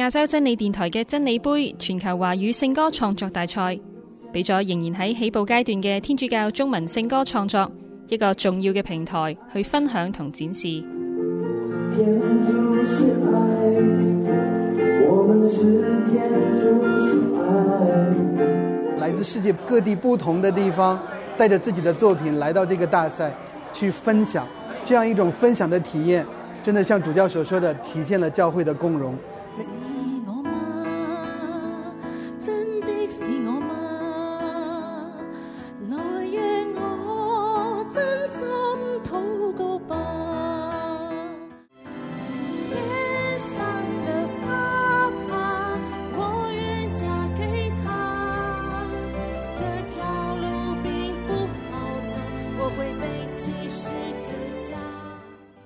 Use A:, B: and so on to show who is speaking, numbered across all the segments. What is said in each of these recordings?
A: 亞洲真理電台嘅真理杯全球華語聖歌創作大賽，俾咗仍然喺起步階段嘅天主教中文聖歌創作一個重要嘅平台去分享同展示
B: 我。來自世界各地不同的地方，帶着自己的作品來到這個大賽去分享，這樣一種分享的體驗，真的像主教所說的，體現了教會的共榮。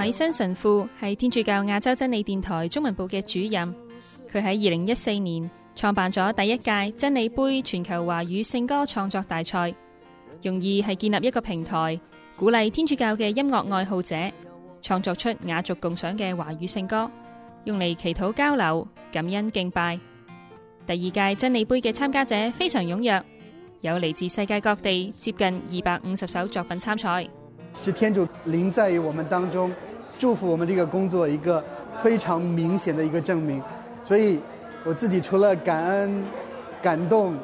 A: 米新神父係天主教亞洲真理電台中文部嘅主任，佢喺二零一四年創辦咗第一屆真理杯全球華語聖歌創作大賽，用意係建立一個平台，鼓勵天主教嘅音樂愛好者創作出雅俗共賞嘅華語聖歌，用嚟祈禱交流、感恩敬拜。第二屆真理杯嘅參加者非常踴躍，有嚟自世界各地接近二百五十首作品參賽。
B: 是天主臨在於我們當中。祝福我們這個工作一個非常明顯的一個證明。所以我自己除了感恩、感動，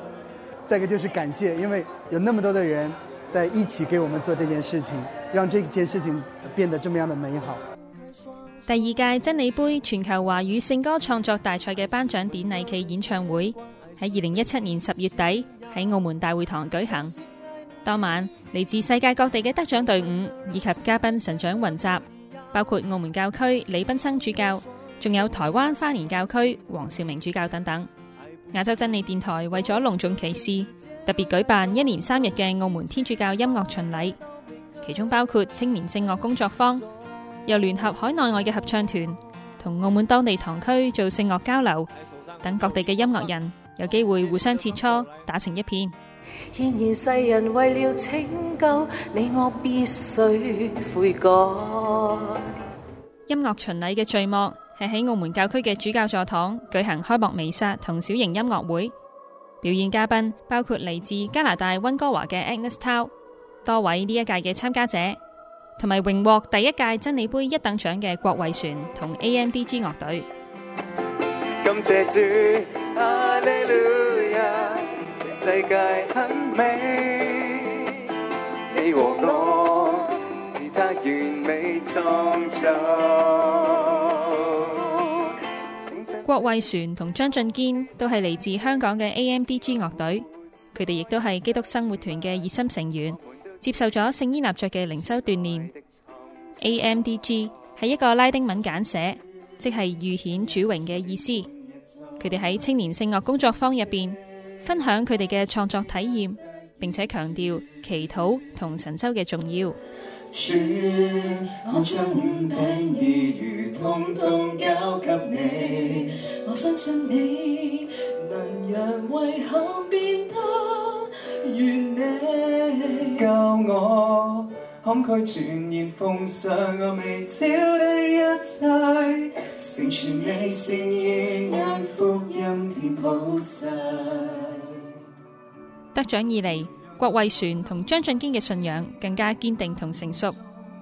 B: 再一個就是感謝，因為有那麼多的人在一起給我們做這件事情，讓這件事情變得這麼樣的美好。
A: 第二屆真理杯全球華語聖歌創作大賽嘅頒獎典禮暨演唱會喺二零一七年十月底喺澳門大會堂舉行。當晚，嚟自世界各地嘅得獎隊伍以及嘉賓神長雲集。包括澳門教區李斌生主教，仲有台灣花蓮教區黃兆明主教等等。亞洲真理電台為咗隆重其事，特別舉辦一連三日嘅澳門天主教音樂巡禮，其中包括青年聖樂工作坊，又聯合海內外嘅合唱團，同澳門當地堂區做聖樂交流，等各地嘅音樂人有機會互相切磋，打成一片。現世人為了拯救你我必須悔改，音樂巡禮嘅序幕係喺澳門教區嘅主教座堂舉行開幕彌撒同小型音樂會，表演嘉賓包括嚟自加拿大溫哥華嘅 Agnes Tao，多位呢一屆嘅參加者，同埋榮獲第一屆真理杯一等獎嘅郭慧璇同 AMDG 樂隊。
C: 感謝主， 世界很美，你和我是他完美創造。
A: 郭慧璇同張俊堅都係嚟自香港嘅 AMDG 樂隊，佢哋亦都係基督生活團嘅熱心成員，接受咗聖伊納爵嘅靈修鍛煉。AMDG 係一個拉丁文簡寫，即係預顯主榮嘅意思。佢哋喺青年聖樂工作坊入邊。分享佢哋嘅創作體驗，並且強調祈禱同神修嘅重要。得獎以嚟，郭衛璇同張俊堅嘅信仰更加堅定同成熟，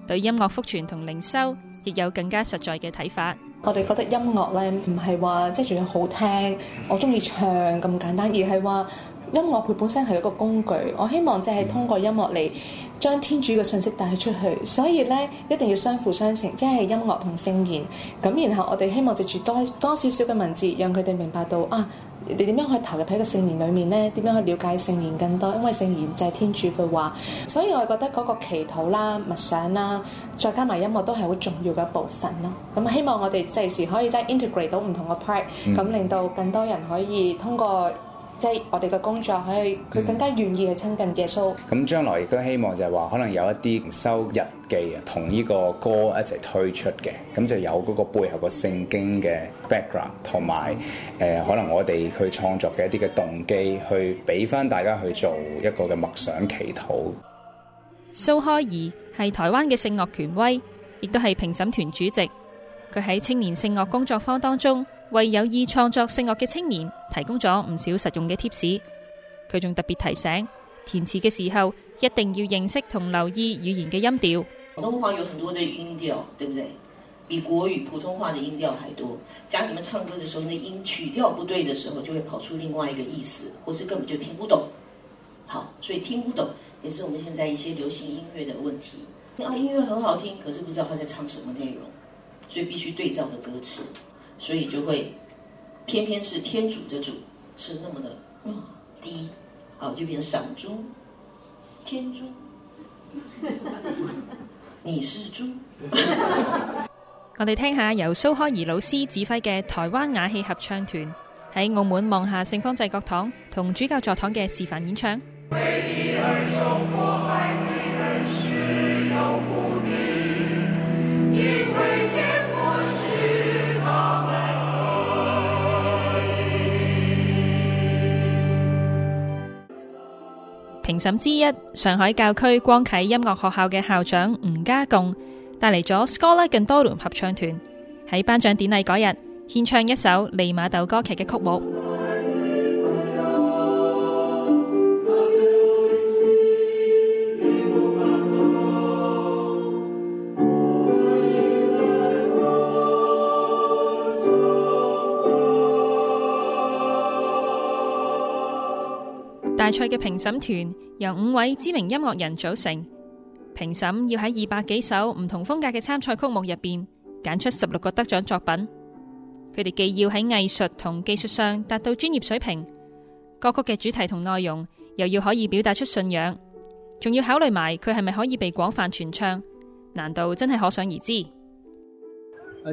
A: 對音樂福傳同靈修亦有更加實在嘅睇法。
D: 我哋覺得音樂咧唔係話即係仲要好聽，我中意唱咁簡單，而係話音樂佢本身係一個工具。我希望即係通過音樂嚟將天主嘅信息帶出去，所以咧一定要相輔相成，即係音樂同聖言。咁然後我哋希望藉住多多少少嘅文字，讓佢哋明白到啊。你點樣去投入喺個聖言裏面呢？點樣去了解聖言更多？因為聖言就係天主嘅話，所以我覺得嗰個祈禱啦、默想啦，再加埋音樂都係好重要嘅一部分咯。咁希望我哋即時可以即係 integrate 到唔同嘅 part，咁令到更多人可以通過。即係我哋嘅工作，佢佢更加願意去親近耶穌。
C: 咁、嗯、將來亦都希望就係話，可能有一啲收日記啊，同呢個歌一齊推出嘅，咁就有嗰個背後嘅聖經嘅 background，同埋誒可能我哋去創作嘅一啲嘅動機，去俾翻大家去做一個嘅默想祈禱。
A: 蘇開儀係台灣嘅聖樂權威，亦都係評審團主席。佢喺青年聖樂工作坊當中，為有意創作性惡嘅青年提供咗唔少實用嘅貼士，佢仲特別提醒填詞嘅時候一定要認識同留意語言嘅音調。
D: 廣東話有很多嘅音調，對不對？比國語普通話嘅音調還多。假如你們唱歌嘅時候，那音曲調不對嘅時候，就會跑出另外一個意思，或是根本就聽不懂。好，所以聽不懂，也是我們現在一些流行音樂嘅問題。啊，音樂很好聽，可是不知道他在唱什麼內容，所以必須對照嘅歌詞。所以就會，偏偏是天主的主是那麼的低，好、哦、就變成傻豬。天豬。 你是豬。
A: 我哋聽下由蘇開怡老師指揮嘅台灣雅器合唱團喺澳門望下聖方濟各堂同主教座堂嘅示範演唱。 評審之一，上海教區光啟音樂學校嘅校長吳家貢帶嚟咗 Schola Cantorum 合唱團喺頒獎典禮嗰日獻唱一首利馬竇歌劇嘅曲目。大賽嘅評審團由五位知名音樂人組成，評審要喺二百幾首唔同風格嘅參賽曲目入邊揀出十六個得獎作品。佢哋既要喺藝術同技術上達到專業水平，歌曲嘅主題同內容又要可以表達出信仰，仲要考慮埋佢係咪可以被廣泛傳唱，難度真係可想而知。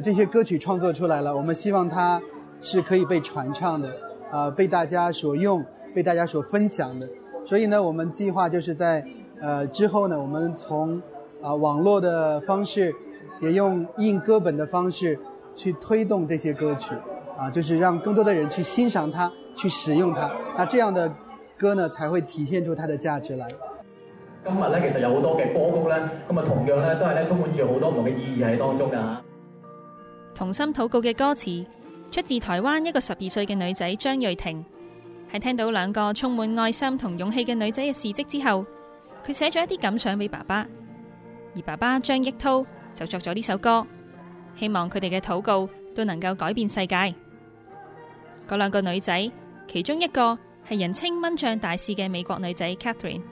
B: 誒，這些歌曲創作出來了，我們希望它是可以被傳唱的，啊、呃，被大家所用。被大家所分享的，所以呢，我們計劃就是在呃之後呢，我們從啊網絡的方式，也用印歌本的方式去推動這些歌曲，啊，就是讓更多的人去欣賞它，去使用它，那這樣的歌呢，才會體現出它的價值來。
E: 今日呢，其實有好多嘅歌曲呢，咁啊，同樣呢，都係咧充滿住好多唔同嘅意義喺當中噶。
B: 同心
A: 禱告嘅歌詞出自台灣一個十二歲嘅女仔張瑞婷。喺聽到兩個充滿愛心同勇氣嘅女仔嘅事跡之後，佢寫咗一啲感想俾爸爸。而爸爸張益濤就作咗呢首歌，希望佢哋嘅禱告都能夠改變世界。嗰兩個女仔，其中一個係人稱蚊帳大使嘅美國女仔 Catherine。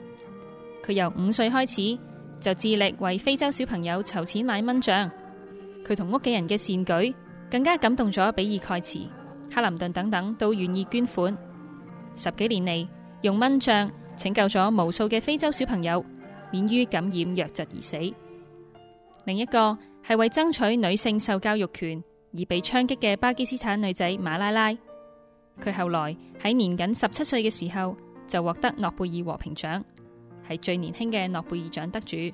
A: 佢由五歲開始就致力為非洲小朋友籌錢買蚊帳。佢同屋企人嘅善舉更加感動咗比爾蓋茨、克林頓等等，都願意捐款。十幾年嚟，用蚊帳拯救咗無數嘅非洲小朋友，免於感染瘧疾而死。另一個係為爭取女性受教育權而被槍擊嘅巴基斯坦女仔馬拉拉。佢後來喺年僅十七歲嘅時候就獲得諾貝爾和平獎，係最年輕嘅諾貝爾獎得主。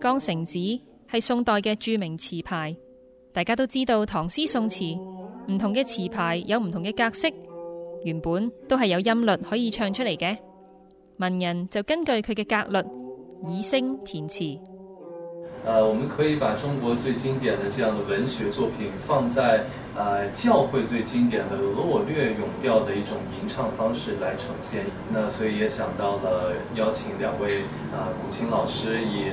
A: 江城子係宋代嘅著名詞牌，大家都知道唐詩宋詞，唔同嘅詞牌有唔同嘅格式，原本都係有音律可以唱出嚟嘅，文人就根據佢嘅格律以聲填詞，
E: 呃。我們可以把中國最經典嘅這樣的文學作品，放在誒、呃、教會最經典的額我略詠調的一種吟唱方式來呈現。那所以也想到了邀請兩位啊、呃、古琴老師以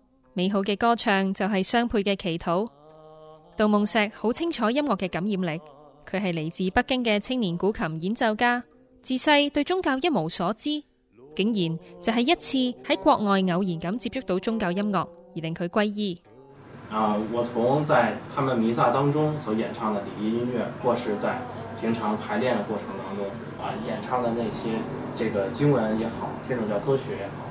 A: 美好嘅歌唱就係相配嘅祈禱。杜夢石好清楚音樂嘅感染力，佢係嚟自北京嘅青年古琴演奏家。自細對宗教一無所知，竟然就係一次喺國外偶然咁接觸到宗教音樂，而令佢皈依。
C: 啊，我從在他們彌撒當中所演唱的禮儀音樂，或是在平常排練的過程當中啊，演唱的那些這個經文也好，這種叫歌曲也好。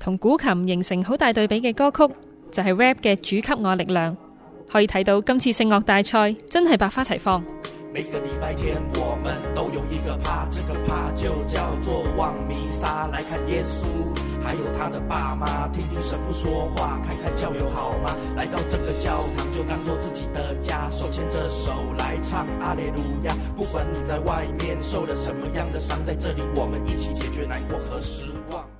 A: 同古琴形成好大對比嘅歌曲，就係 rap 嘅主給我力量。可以睇到今次聖樂大賽真係百花齊放。
C: 每個禮拜天，我們都有一個趴，這個趴就叫做望彌撒，來看耶穌，還有他的爸媽，聽聽神父說話，看看教友好嗎？來到這個教堂就當做自己的家，手牽着手來唱阿列路亞。不管你在外面受了什麼樣的傷，在這裏我們一起解決難過和失望。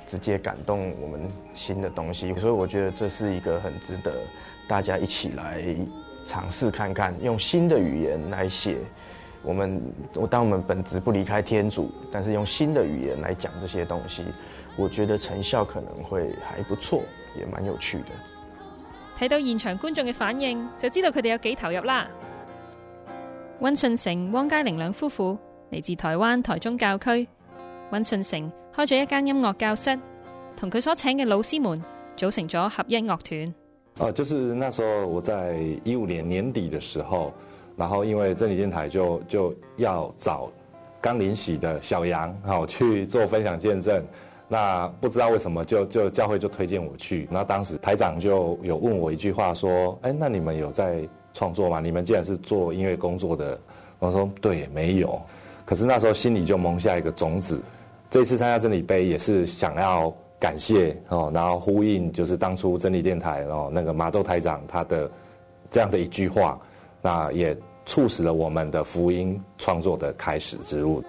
C: 直接感動我們新的東西，所以我覺得這是一個很值得大家一起來嘗試看看，用新的語言來寫我們。我當我們本質不離開天主，但是用新的語言來講這些東西，我覺得成效可能會還不錯，也蠻有趣的。
A: 睇到現場觀眾嘅反應，就知道佢哋有幾投入啦。溫信成、汪佳玲兩夫婦嚟自台灣台中教區。溫順成開咗一間音樂教室，同佢所請嘅老師們組成咗合音樂團。
E: 哦，就是那時候我在一五年年底的時候，然後因為真理電台就就要找剛臨洗的小羊，好去做分享見證。那不知道為什麼就就教會就推薦我去。那當時台長就有問我一句話，說：誒、欸，那你們有在創作嗎？你們既然是做音樂工作的，我說：對，沒有。可是那時候心裏就萌下一個種子。這次參加真理杯，也是想要感謝哦，然後呼應就是當初真理電台哦，那個馬豆台長他的這樣的一句話，那也促使了我們的福音創作的開始之路。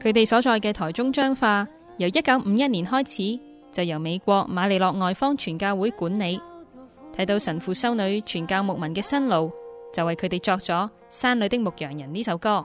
A: 佢哋所在嘅台中彰化，由一九五一年開始就由美國馬利諾外方傳教會管理。睇到神父修女傳教牧民嘅辛勞，就為佢哋作咗《山裡的牧羊人》呢首歌。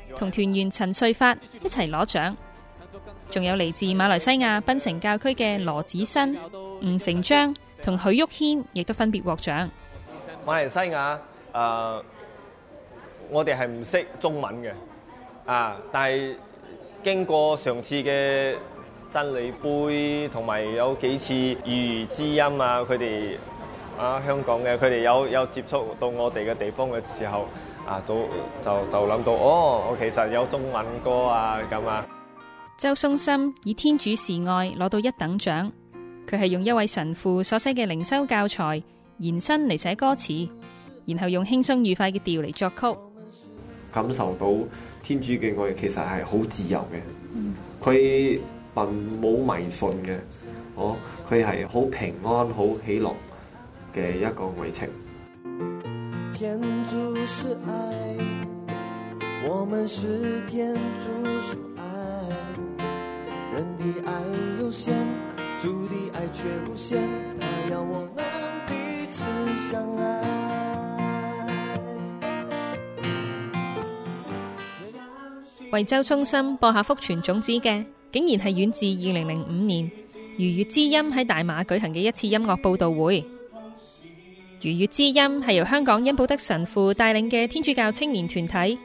A: 同團員陳瑞發一齊攞獎，仲有嚟自馬來西亞檳城教區嘅羅子新、吳成章同許玉軒，亦都分別獲獎。
E: 馬來西亞誒、呃，我哋係唔識中文嘅啊，但係經過上次嘅真理杯，同埋有，有幾次魚之音啊，佢哋。啊！香港嘅佢哋有有接觸到我哋嘅地方嘅時候，啊，就就就諗到哦，我其實有中文歌啊咁啊。
A: 周松森以天主示愛攞到一等獎，佢係用一位神父所寫嘅靈修教材延伸嚟寫歌詞，然後用輕鬆愉快嘅調嚟作曲，
E: 感受到天主嘅愛其實係好自由嘅。佢、嗯、並冇迷信嘅，哦，佢係好平安，好喜樂。
C: 嘅
E: 一個愛情。
A: 惠州中心播下福泉種子嘅，竟然係源自二零零五年，如月之音喺大馬舉行嘅一次音樂報道會。愉悅之音係由香港恩保德神父帶領嘅天主教青年團體，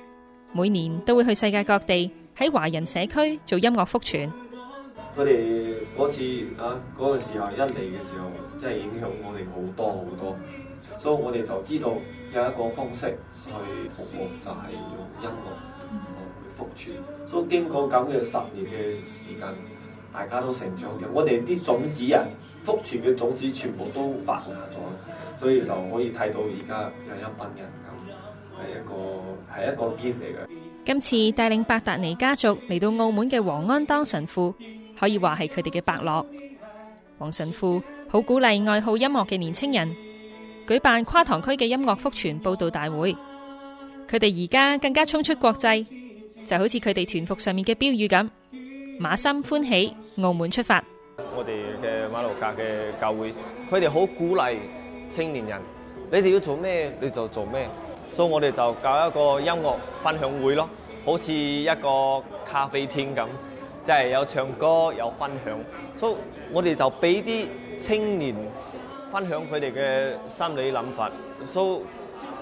A: 每年都會去世界各地喺華人社區做音樂福傳。
E: 佢哋嗰次啊，嗰個時候一嚟嘅時候，即係影響我哋好多好多，所以我哋就知道有一個方式去服務，就係用音樂去福傳。所以經過咁嘅十年嘅時間。大家都成長嘅，我哋啲種子啊，福傳嘅種子全部都發芽咗，所以就可以睇到而家有一班人咁，係一個係一個堅嚟嘅。
A: 今次帶領伯達尼家族嚟到澳門嘅王安當神父，可以話係佢哋嘅伯樂。王神父好鼓勵愛好音樂嘅年青人，舉辦跨堂區嘅音樂福傳報導大會。佢哋而家更加衝出國際，就好似佢哋團服上面嘅標語咁。馬心歡喜，澳門出發。
E: 我哋嘅馬六甲嘅教會，佢哋好鼓勵青年人。你哋要做咩，你就做咩。所以，我哋就搞一個音樂分享會咯，好似一個咖啡廳咁，即係有唱歌，有分享。所以，我哋就俾啲青年分享佢哋嘅心理諗法。所以，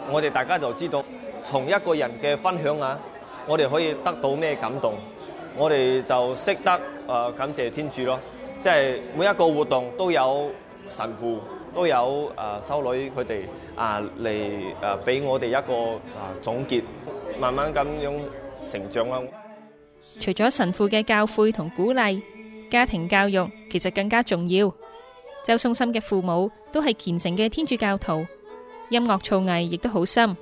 E: 我哋大家就知道，從一個人嘅分享啊，我哋可以得到咩感動。我哋就識得誒感謝天主咯，即係每一個活動都有神父都有誒修女佢哋啊嚟誒俾我哋一個啊總結，慢慢咁樣成長咯。
A: 除咗神父嘅教誨同鼓勵，家庭教育其實更加重要。周松森嘅父母都係虔誠嘅天主教徒，音樂造詣亦都好深，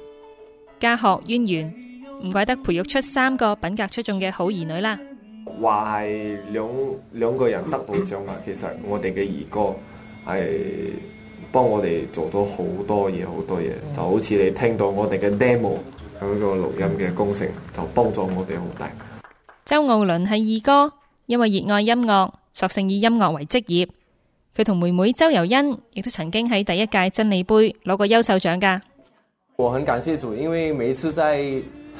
A: 家學淵源。唔怪得培育出三個品格出眾嘅好兒女啦！
E: 話係兩兩個人得到獎啊，其實我哋嘅二哥係幫我哋做咗好多嘢，好多嘢，就好似你聽到我哋嘅 demo 響呢個錄音嘅工程，就幫助我哋好大。
A: 周傲倫係二哥，因為熱愛音樂，索性以音樂為職業。佢同妹妹周遊欣亦都曾經喺第一屆真理盃攞過優秀獎噶。
E: 我很感謝主，因為每一次在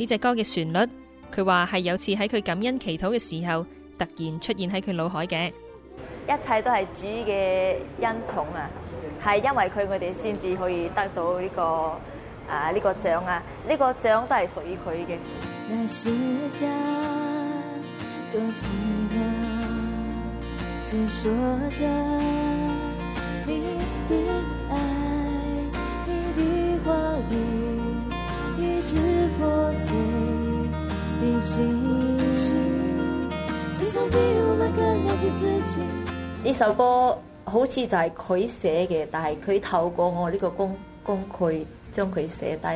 A: 呢隻歌嘅旋律，佢話係有次喺佢感恩祈禱嘅時候，突然出現喺佢腦海嘅。
D: 一切都係主嘅恩寵啊，係因為佢我哋先至可以得到呢個啊呢個獎啊，呢個獎都係屬於佢嘅。 呢首歌好似就係佢寫嘅，但係佢透過我呢個工工具將佢寫低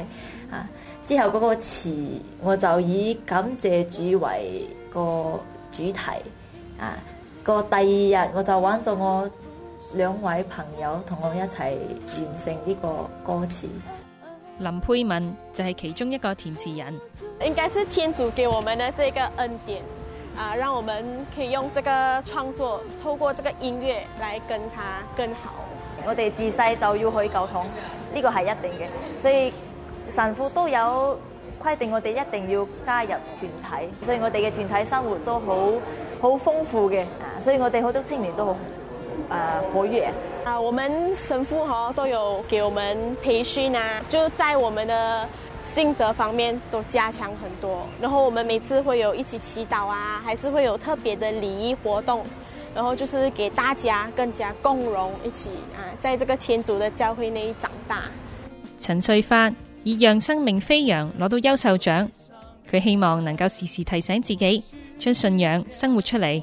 D: 啊。之後嗰個詞我就以感謝主為個主題啊。個第二日我就揾咗我兩位朋友同我一齊完成呢
A: 個歌詞。林佩敏就係其中一個填詞人，應該
D: 是天主給我們的這個恩典啊，讓我們可以用這個創作，透過這個音樂來跟他更好。 我哋自細就要去教堂，呢、這個係一定嘅，所以神父都有規定我哋一定要加入團體，所以我哋嘅團體生活都好好豐富嘅啊，所以我哋好多青年都好啊活躍。啊，我們神父都有給我們培訓啊，就在我們的信德方面都加強很多。然後我們每次會有一起祈禱啊，還是會有特別的禮儀活動，然後就是給大家更加共融，一起啊，在這個天主的教會內長大。
A: 陳翠花以讓生命飛揚攞到優秀獎，佢希望能夠時時提醒自己，將信仰生活出嚟。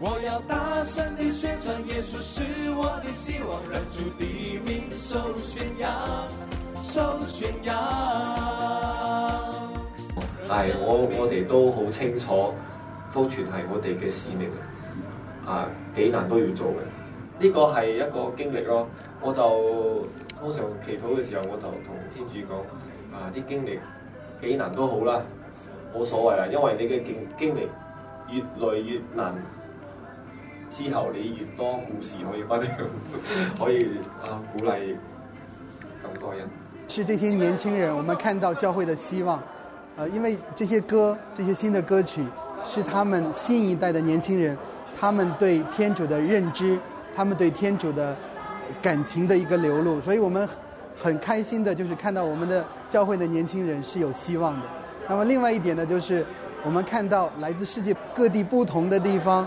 C: 我要大聲的宣傳耶穌是我的希望人，讓主的名
E: 受宣揚，受宣揚。但係，我我哋都好清楚，福傳係我哋嘅使命，啊，幾難都要做嘅。呢、這個係一個經歷咯。我就通常祈禱嘅時候，我就同天主講：啊，啲經歷幾難都好啦，冇所謂啦，因為你嘅經經歷越來越難。之後，你越
B: 多故事可以分享，可以啊鼓勵更多人。是這些年輕人，我們看到教會的希望，呃，因為這些歌，這些新的歌曲，是他們新一代的年輕人，他們對天主的認知，他們對天主的感情的一個流露。所以我們很開心的，就是看到我們的教會的年輕人是有希望的。那麼另外一點呢，就是我們看到來自世界各地不同的地方。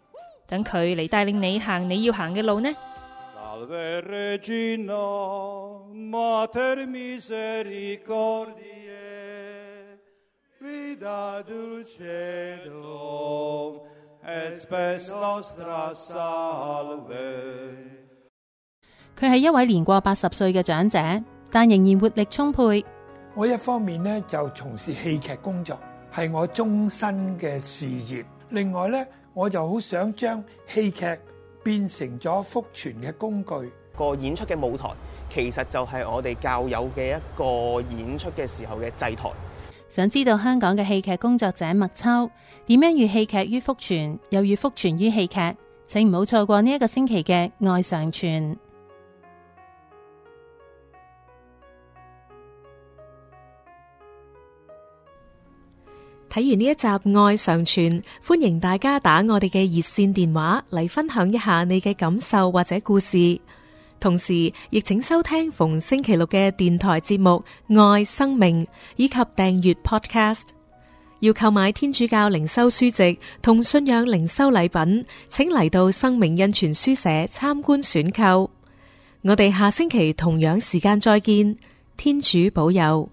A: 等佢嚟帶領你行你要行嘅路
B: 呢？
D: 佢係一位年過八十歲嘅長者，
A: 但仍然活力充沛。
B: 我一方面呢就從事戲劇工作，係我終身嘅事業。另外呢。我就好想將戲劇變成咗福傳嘅工具，個演出嘅舞台其實就係
E: 我哋教友嘅一個演出嘅時候嘅祭台。
A: 想知道香港嘅戲劇工作者麥秋點樣寓戲劇於福傳，又寓福傳於戲劇，請唔好錯過呢一個星期嘅愛上傳。
D: 睇完呢一集《愛上傳》，歡迎大家打我哋嘅熱線電話嚟分享一下你嘅感受或者故事。同時亦請收聽逢星期六嘅電台節目《愛生命》，以及訂閱 Podcast。要購買天主教靈修書籍同信仰靈修禮品，請嚟到生命印傳書社參觀選購。我哋下星期同樣時間再見，天主保佑。